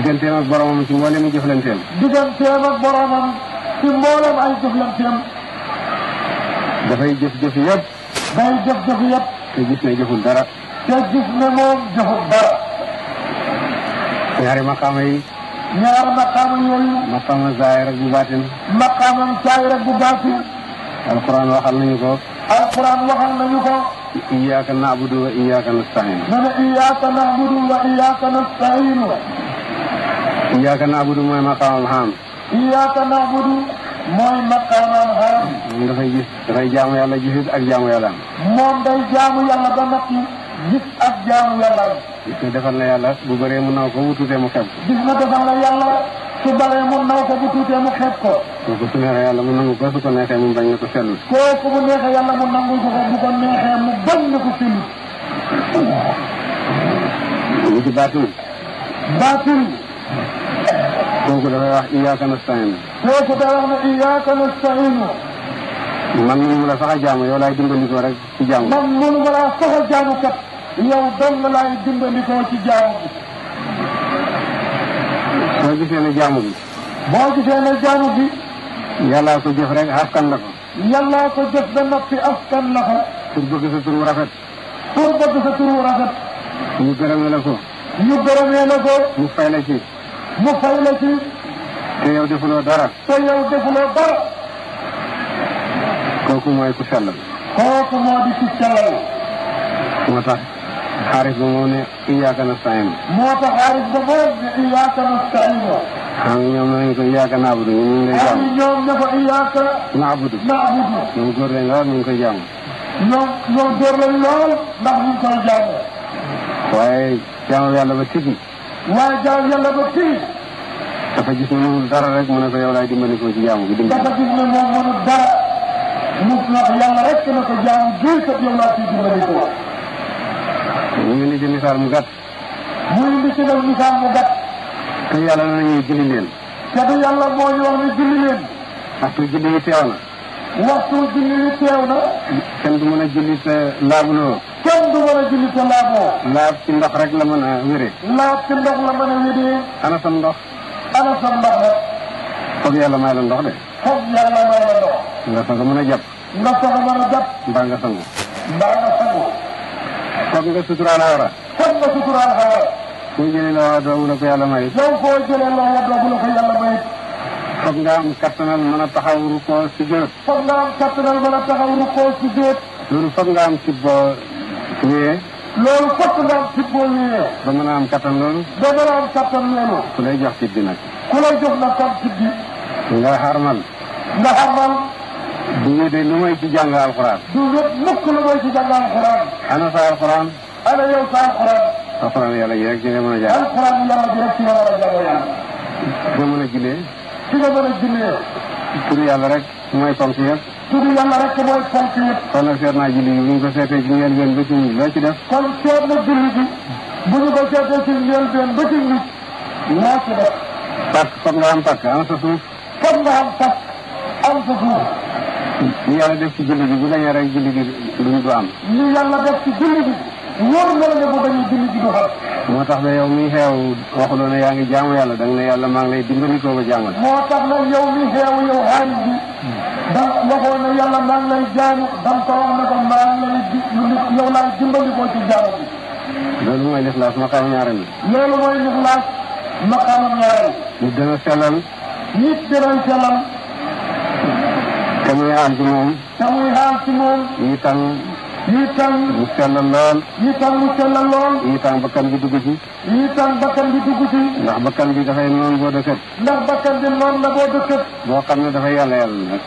digganteem ak boromam ci mboolem ay jëflanteem. digganteem ak boromam ci mboolem ay jëflanteem. dafay jëf-jëf yëpp. day jëf-jëf yëpp. te gis ne jëful dara. te gis ne moom jëful dara. ñaari maqaama yi. ñaari maqaama yooyu. maqaama zaahir ak bu baatin. maqaama zaahir ak bu baatin. alquran waxal nañu ko. alquran waxal nañu ko. iyaaka naabudu wa iyaaka nasta'iin. nee na iyaaka naabudu wa iyaaka nasta'iin iyaaka naabudu mooy maqaamam xaam. iyaaka naabudu mooy maqaamam xaam. moom dafay gis dafay jaamu yàlla gisit ak jaamu yàlla moom day jaamu yàlla ba noppi gis ak jaamu yàlla gis nga defal na yàlla bu bëree mu naw ko bu tuutee mu xeeb ko. gis nga defal na yàlla su bëree mu naw ko bu tuutee mu xeeb ko. kooku su neexee yàlla mu nangu ko su ko neexee mu bañ na ko sellu. kooku bu neexee yàlla mu nangu ko bu ko neexee mu bañ na ko sellu. ñu ci baatin. baatin. kooku dafay wax iyaaka nasta'iin. kooku daa wax ne iyaaka nasta'iin. man mënu ma la sax a jaamu yow laay dimbandikoo rek ci jaamu. man mënu ma laa a jaamu kat yow dong laay dimbandikoo ci jaamu bi. boo gisee ne jaamu bi. boo bi. yàllaa ko jëf rek askan la ko. yàllaa ko jëf ba noppi askan la ko. pour bëgg sa turu rafet. pour bëgg sa turu rafet. ñu gërëmee la ko. ñu gërëmee ci. mu fay la ci. te yow defuloo dara. te yow defuloo dara. kooku mooy ku sellal. kooku moo di ku sellal. moo tax xaaris ba moo ne iyaaka nasta'iin. moo tax xaaris ba moo ne iyaaka nasta'iin. xam nga ñoom nañu ko iyaaka naabudu ñu ngi lay jaamu. xam nga ñoom ne ko iyaaka. naabudu naabudu. ñoom góor lañ lool ñu ngi koy jaamu. ñoom ñoom góor lañ lool ndax ñu ngi koy jaamu. waaye jaamu yàlla ba tigi. waaye jaam yàlla ba fii. dafa gis ne moom dara rek mu ne ko yow laay dimbali ko ci jaamu bi dimbali. dafa gis ne moom mënu dara mu na ko yàlla rek na ko jaamu bii kat yow laa ciy dimbali ko. ñu ngi indi ci mu gàtt. ñu ngi indi mu gàtt. te yàlla na ñuy julli leen. te du yàlla moo ñu wax ne julli leen. waxtu na. waxtu julli wi na. kenn du mën a julli te laabuloo. kenn du mën a julli te laab moom. laab la mën a wéree. laab ci ndox la mën a wéree. ana sa ana sa ndox rek. foog de. foog yàlla may la nga soog a a nga soog a mën a nga sangu. mbaa nga sangu. nga suturaal awra. foog nga nga am kattanal mën a taxaw rukkoo si jot. nga am kattanal mën a taxaw rukkoo si jot. loolu foog nga am ci ñëwee. loolu fokk nga am fit boo ñëwee. ba mën a am kattan loolu. ba mën a am kattan loolu. ku lay jox fit bi ku lay jox nag tam fit bi. nga xarmal. nga xarmal. du wéde lu may ci jàng alxuraan. du wéde mukk may ci jàng alxuraan. ana sa alxuraan. ana yow sa alxuraan. alxuraan yàlla ji rek ci nga mën a jaar. alxuraan yàlla ji rek ci nga mën a jaar. nga mën a jullee. ci nga mën a mooy ponk yëpp. tudd yàlla rek mooy ponk yëpp. kon seet naa julli bi bu ñu ko seetee ci ngeen gën ba ci mujj loo ci def. kon seet na julli bi bu ñu ko seetee ci ngeen gën ba ci mujj loo ci def. parce que foog nga am sa suuf. foog nga am takk am sa suuf. ñu yàlla def ci julli bi bu dañee rek julli bi duñ du am. ñu yàlla def ci julli bi wóor na la ne bu dañuy julli bi moo tax na yow mi xeew waxuloo ne yaa ngi jaamu yàlla danga ne yàlla maa ngi lay dimbali koo ba jaamu la. moo tax nag yow mi xeew yow xaalis bi. da waxoo ne yàlla maa ngi lay jaamu da nga ko wax ne ko maa ngi lay di yow laay dimbali koo ci jaamu bi. loolu mooy lixlaas maqaama ñaareel bi. loolu mooy lixlaas maqaama ñaareel. nit dana sellal. nit dana sellal. te muy xaal ci moom. te muy xaal ci moom. muy tànn. yii tam mu sell lool yii tam mu sell lool yii tam bakkan bi dugg ci yii tam bakkan bi dugg ci ndax bakkan bi dafay noon boo dëkkat ndax bakkan bi noon la boo dëkkat boo xam ne dafay yàlla yàlla nag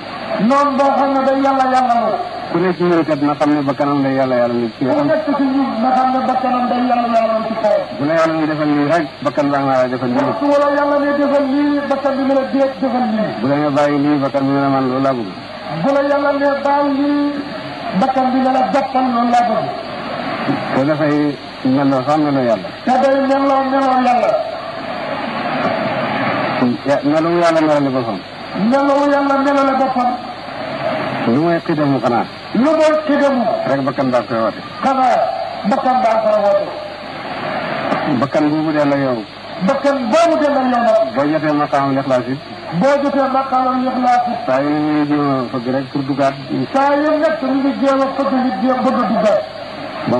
noon boo xam ne day yàlla yàlla la ku nekk ci ñun kat na xam ne bakkanam day yàlla yàlla nit ci ku nekk ci ñun na xam ne bakkanam day yàlla yàlla ci kaw bu la yàlla ñu defal lii rek bakkan baa nga la defal lii su wala yàlla ne defal lii bakkan bi mu la déet defal lii bu la nga bàyyi lii bakkan bi mu ne man loolu laa bëgg bu la yàlla ne bàyyi lii bakkan bi na la jàppal noonu laa bëgg. te dafay meloo sax meloo yàlla. te la boppam. bakkan baa bakkan boo mu dem ak yow nag. boo jotee maqaamam lixlaas yi. boo jotee maqaamam lixlaas yi. saa yu ñu jéem a fëgg rek pour dugaat. saa yu nekk ñu ngi jéem a fëgg ñu jéem bëgg a dugaat.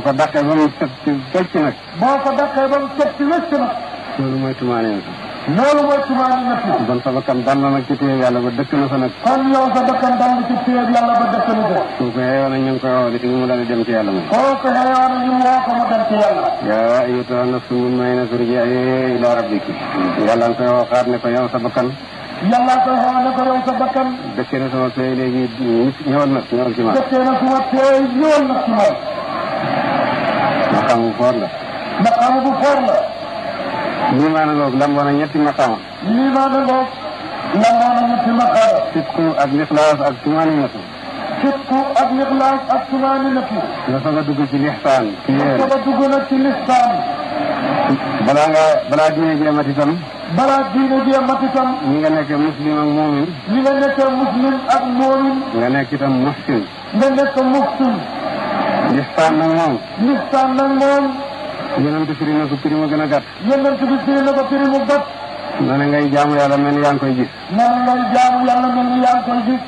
ko dàqee ba mu set ci wécc nag. boo ko dàqee ba mu set ci wécc nag. loolu mooy tumaaneel. loolu mooy tumaani na fi. kon sa dal na nag ci yàlla ba dëkkalu fa nag. kon yow sa bakkan dal na ci téye ba dëkkalu fa. kooku xëyoon na ñu ngi koy woo di mu daal di dem ci yàlla moom. kooku xëyoon na ñu ngi woo ko mu dem ci yaa ayyatuha nafsu mutmainna irji'i ila rabbiki. yàlla nga koy waxaat sama tey léegi ñëwal na foor la. maqamu bu foor la. liimaana googu lamboo na ñetti maqaama. liimaana googu lamboo na ñetti maqaama. sitku ak lixlaas ak tumaninatu. sitku ak lixlaas ak tumaninatu. nga soog a dugg ci lixsaan. ci yéen nga soog a dugg nag ci lixsaan. balaa nga balaa diine jee mat itam. balaa diine jee mat itam. ñi nga nekk muslim ak moomin. ñi nga nekk muslim ak moomin. nga nekk itam muhsin. nga nekk muhsin. lixsaan nag moom. lixsaan nag moom. yonent bi firi na ko firi mu gën a gàtt. yonent bi firi na ko firi mu gàtt. nee na ngay jaamu yàlla mel ni yaa ngi koy gis. nee na ngay jaamu yàlla mel ni yaa ngi koy gis.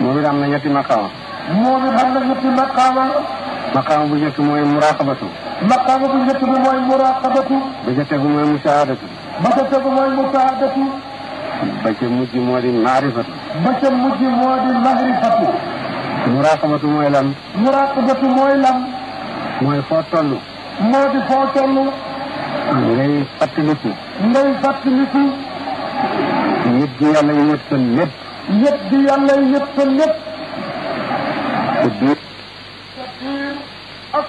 moom it am na ñetti maqaama. moom it am na ñetti maqaama. maqaama bu njëkk mooy muraqabatu. maqaama bu njëkk bi mooy muraqabatu. ba ca tegu mooy musaadatu. ba ca tegu mooy musaadatu. ba ca mujj moo di maarifatu. ba ca mujj moo di maarifatu. muraqabatu mooy lan. muraqabatu mooy lan. mooy foo toll. moo di foo toll. ngay fàttaliku. ngay fàttaliku. nit gi yàlla yi ñëpp seen lépp. nit gi yàlla yi ñëpp seen lépp. te biir. te biir ak.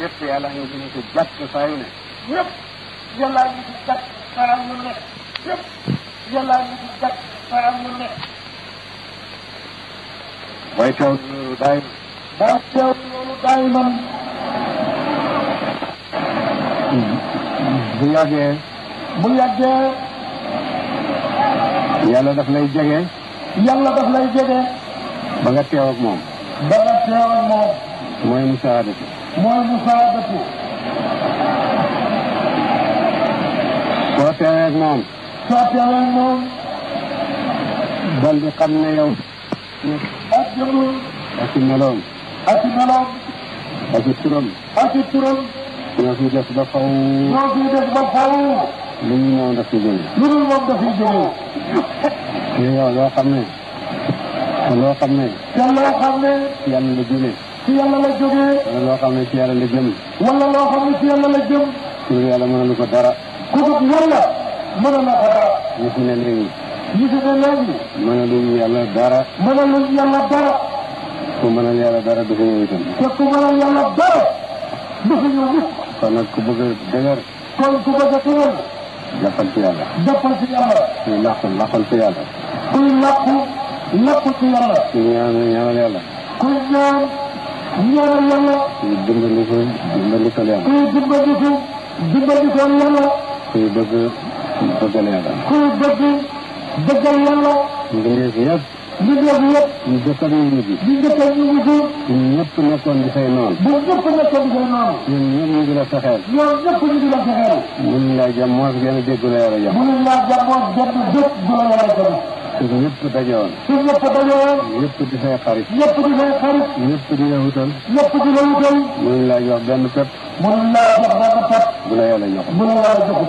ñëpp yàlla ñu ngi ci jàpp saa yu ne. ñëpp yàlla ñu ngi jàpp saa yu ne. ñëpp yàlla ñu ngi jàpp saa yu ne. waaye teew loolu daay. daa teew loolu daay man. bu yàggee bu yàggee yàlla daf lay jege yàlla daf lay jege ba nga teew moom ba nga teew moom mooy musaadatu mooy musaadatu soo teewee moom soo teewee moom dal di xam ne yow ak meloom ak meloom ak turam ak turam ñoo fi des ba faw. ñoo fi des ba faw. lu ñu moom daf fi jógee. lu dul moom daf fi jógee. mais yow loo xam ne. te loo xam ne. te loo xam ne. yàlla la jógee. ci yàlla la jógee. wala loo xam ne ci yàlla la jëm. wala loo xam ne ci yàlla la jëm. ku dul yàlla mënalu ko dara. ku dul yàlla mënalu ko dara. ñu fi ne léegi. ñu fi ne léegi. mënaluñu yàlla dara. mënaluñu yàlla dara. ku mënal yàlla dara du ko ñëw itam. te ku mënal yàlla dara du ko ñëw kon nag ku bëgg a dëgër. kon ku bëgg a dëgër. jàppal ci yàlla. jàppal ci yàlla. kuy làqu làqal ci yàlla. kuy làqu làqu ci yàlla. kuy ñaan ñaanal yàlla. kuy ñaan ñaanal yàlla. kuy dimbandiku dimbandikal yàlla. kuy dimbandiku dimbandikal yàlla. kuy bëgg bëggal yàlla. kuy bëgg bëggal yàlla. mbindeef yëpp. li dégg yëpp. ñu jëkk ak ñu mujj. ñu jëkk ak ñu mujj. ñun ñëpp nekkoon di say noonu. ñun ñëpp nekkoon di say noonu. ñun ñëpp ñu ngi la fexeel. ñoom ñëpp ñu ngi la fexeel. ñun laa jàmm moos gën a dégg la yore jàmm. ñun laa jàmm moos gën a dégg la yore jàmm. suñ ñëpp dajewoon. suñ ñëpp dajewoon. ñëpp di say xarit. ñëpp di say xarit. ñëpp di la wutal. ñëpp di la wutal. mënuñ laa jox benn pepp. mënuñ laa jox benn pepp. bu la yàlla joxul. bu la yàlla joxul.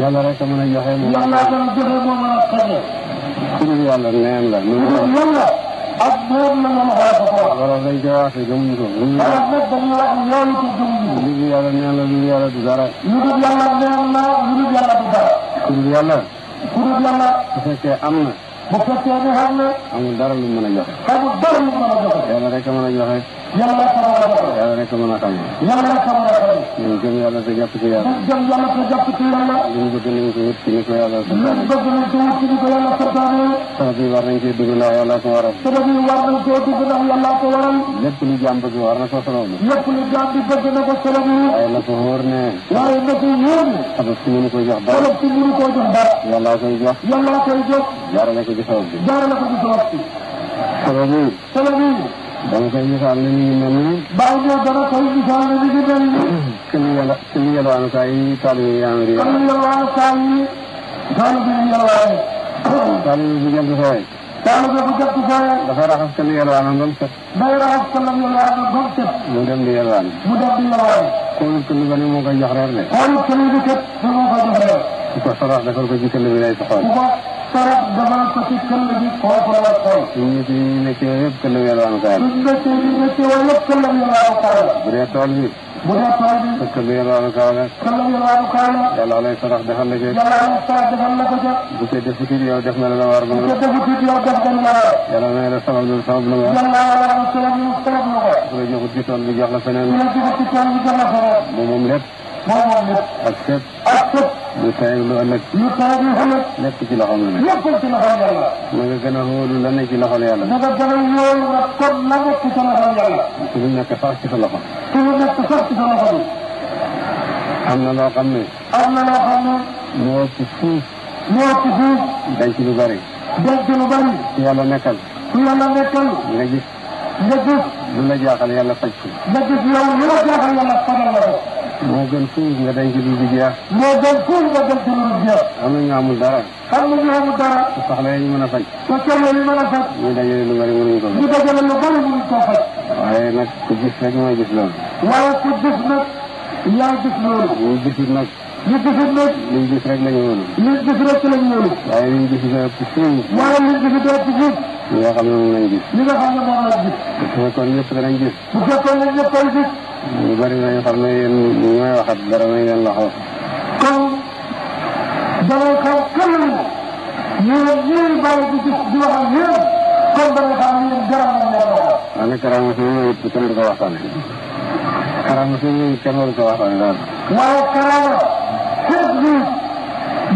yàlla rek a mën a joxe. yàlla rek a mën a joxe moo mën a xañee. ku dul yàlla neen la. lu dul yàlla ak neen la ngeen xalaat ko. loolu dañ koy wax te gëmuñ ko. lu dul yàlla nag dañuy wax ñoom ci gëm gi. lu dul yàlla neen la lu dul yàlla du dara. lu dul yàlla neen la lu dul yàlla du dara. ku dul yàlla. ku dul yàlla. bu fekkee am na. bu fekkee ne xam na. amul dara lu mën a joxe. amul dara lu mën a joxe. yàlla rek a mën a jox rek. yàlla rek a mën a jox. yàlla rek a mën a xam. yàlla rek a mën a xam. ñu gëm yàlla te jàpp ci yàlla. ñu gëm yàlla te jàpp ci yàlla. li mu bëgg nañ ko wut ci ni ko yàlla santaane. li mu bëgg nañ ko wut ci ni ko yàlla santaane. sabab yi war nañ cee dugg ndax yàlla ko waral. sabab yi war nañ cee dugg ndax yàlla ko waral. lépp lu jaam bëgg war na ko sabab. lépp lu jaam bi bëgg na ko sabab. waaye na ko wóor ne. waaye na ko wóor ne. sabab si mënu ko jox dara. sabab si mënu ko jox dara. yàlla koy jox. yàlla koy jox. jaarale ko ci sabab bi. jaarale ko ci sabab bi. sabab yi. sabab yi. dama koy misaal ne mi ngi mel ni. bàyyi bi dama koy misaal ne mi ngi mel ni. suñu yàlla suñu yalwaanukaay yi taalibe yi yaa ngi di. suñu yalwaanukaay yi. taalibe yi yalwaay. taalibe bu jant sooyee. taalibe bu jant sooyee. dafa raxas ka li yalwaanam ba mu set. day raxas ka la yalwaanam ba mu set. mu dem di yalwaan. mu dem di yalwaan. xoolul que ni ba ni moo koy jox reer de. xoolul que ni bi kat ni moo koy jox reer. ku ko soxla defal ko ci këll bi lay soxal. keroog damaa ko ci këll bi foofu la xool. suñu si ñu nekkee yëpp këll bi la am kaay. suñu nekkee ñu nekkee woon yëpp këll bi la am kaay. bu dee tool bi. bu dee tool bi. sa këll bi la am kaay la. këll bi la am kaay la. yàlla lay sarax defal la ko. yàlla lay sarax defal la ko ca. bu ko defut it yow def na la war. bu ko defut it yow def na la war. yàlla may la sabab lu sabab lu ko. yàlla may la sabab lu sabab lu ko. bu la joxut ci tool bi jox la feneen. bu la joxut ci tool bi jox la feneen. moom moom lépp. mooy moom lépp. ak fépp. ak fépp. lu tey lu ëllëg. lu tey lu ëllëg. lépp ci loxoom la nekk. lépp ci loxoom yàlla. na nga gën a wóolu la nekk ci loxol yàlla. na nga gën a wóolu la kon la nekk ci sa loxol yàlla. su ñu nekk sax ci sa loxo. su ñu nekk sax ci sa loxo bi. am na loo xam ne. am na loo xam ne. moo ci fuuf. moo ci fuuf. denc lu bari. denc lu bari. ci yàlla nekkal. ci yàlla nekkal. nga gis. nga gis. lu la jaaxal yàlla faj ko. nga gis yow lu la jaaxal yàlla fajal la ko. moo gën fuuf nga denc lu du jeex. moo gën fuuf nga denc lu du jeex. am na ñu amul dara. xam nga ñu amul dara. te soxla yi ñu mën a faj. te soxla yi mën a faj. ñu dajale lu bari mënuñ ko faj. ñu dajale lu bari mënuñ koo faj. waaye nag ku gis rek mooy gis loolu. waaye ku gis nag. yaa gis loolu. ñu gisul nag. ñu gisul nag. liñ gis rek lañu wóolu. liñ gis rek lañu wóolu. waaye liñ gis dara ci fuuf. waaye liñ gis dara ci fuuf. li nga xam ne moom lañ gis. li nga xam ne moom lañ gis. bu fekkoon ñëpp danañ gis. bu fekkoon ñëpp danañ gis. ñu bëri nañu xam ne yéen ñi may waxat dara nañ leen loxo. kon dama kaw kanam yéen ñii bàyyi di gis di wax ak yéen kon dama xam ne yéen dara nañ leen loxo. ma ne karaama suñu ñëw it kenn du ko waxtaane. karaama suñu ñëw it kenn du ko waxtaane daal. waaye karaama xeet bi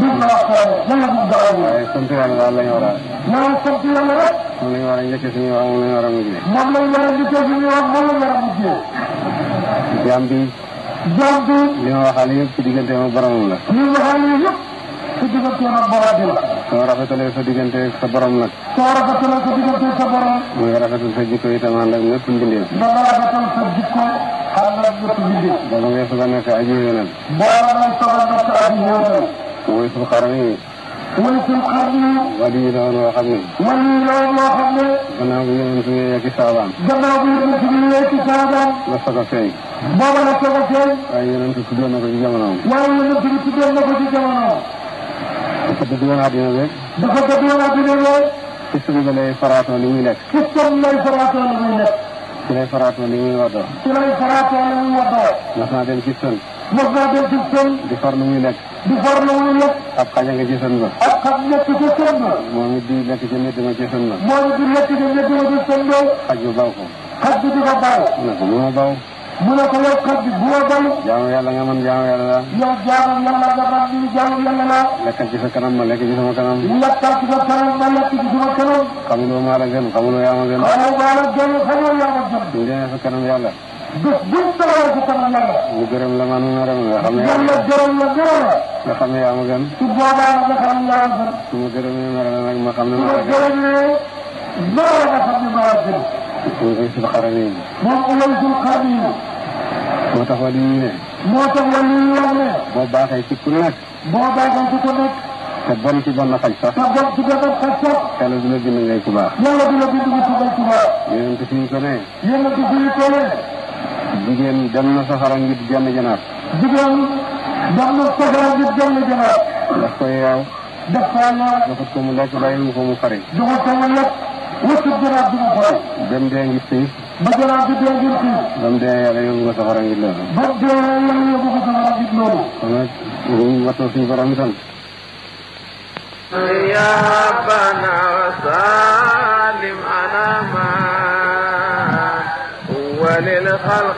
du ko waxtaane lan la ko doxal. waaye sant yàlla daal la ñu war a. naa sant yàlla rek. moom la ñu war a njëkkee suñu wax moom la ñu war a mujjee. moom la ñu war a njëkkee suñu wax moom la ñu war a mujjee. jaam bi. jaam bi. li ma waxal yëpp ci digganteem ak boromam la. li ma waxal yëpp ci digganteem ak boromam la. soo rafetalee sa diggante sa borom nag. soo rafetalee sa diggante sa borom. mu ngi rafetal sa jikko itam ànd ak ñëpp mbindee. dana rafetal sa jikko ànd ak ñëpp mbindee. booba ngay soog a nekk aji yonent. booba ngay soog a nekk aji yonent. mooy muy suñu xar yi. wàllu yi la loo xam ne. wàllu yi la loo xam ne. gannaaw bi yéen ci yéen ci saabaan. gannaaw bi yéen ci yéen ci saabaan. la soog a feeñ. booba la soog a feeñ. waaye yéen a ngi tuddoon na ko ci jamono. waaye yéen a ngi tuddoon na ko ci jamono. dafa dëgg woon àddina bi. dafa dëgg woon àddina bi. système bi lay faraatoo li muy nekk. système lay faraatoo li muy nekk. ci lay faraatoo li muy waddoo. ci lay faraatoo li muy waddoo. mas naa dem ci sën. mos naa dem ci seen. di far nu muy lekk. di far nu muy lekk. ab xaj a nga gisoon nga. ab xaj nekk ci seen nga. moom it di lekk ci nit dama gisoon nga. moom it di lekk ci nit dama gisoon nga. xaj bu baw ko. xaj bi di ko baw. mu ne ko bu ma baw. mu ne ko yow xaj bi bu ma baw. jaamu yàlla nga mën jaamu yàlla la. yow jaamu yàlla nga mën ni jaamu yàlla la. lekkal ci sa kanam ma lekk ci sama kanam. lekkal ci sa kanam ma lekk ci sama kanam. xamuloo maa la gën xamuloo yaa ma gën. xamuloo maa la gën xamuloo yaa ma gën. bis buñ tolluwaay ci sama njaboot. ñu gërëm la man maram nga xam ne. yàlla gërëm la gërëm la. nga xam ne yaa ma gën. su boobaa nga xam ne yaa ma gën. su ma gërëmee maram nag ma xam ne maa gën. su ma gërëmee maram nga xam ne maa gën. moom Ulaysul Qarniin. moom Ulaysul Qarniin. moo tax wàllu yi ne. moo tax wàllu yi wax ne. boo baaxee ci ku nekk. boo baaxee ci ku nekk. te bon ci bon na xaj sax. te bon ci bon na xaj sax. yàlla du la bind ngay ku baax. yàlla du la bind ngay ku baax. yéen a ngi ko ne. yéen a ngi ko ne. jigéen dem na safara ngir jenn janaat. jigéen dem na safara ngir jenn janaat. daf koy yeew. daf koy yeew. joxut ko mu lekk bàyyi mu ko mu fari. joxut ko mu lekk wëccëg janaat bi mu fari. dem dee ngi xiif. ba janaat bi dee ngir xiif. ba mu dee yàlla yóbbu ko safara ngir loolu. ba mu dee yàlla yóbbu ko safara ngir loolu. kon nag ñu wattoo suñu borom itam. يا ربنا سالم على ما وللخلق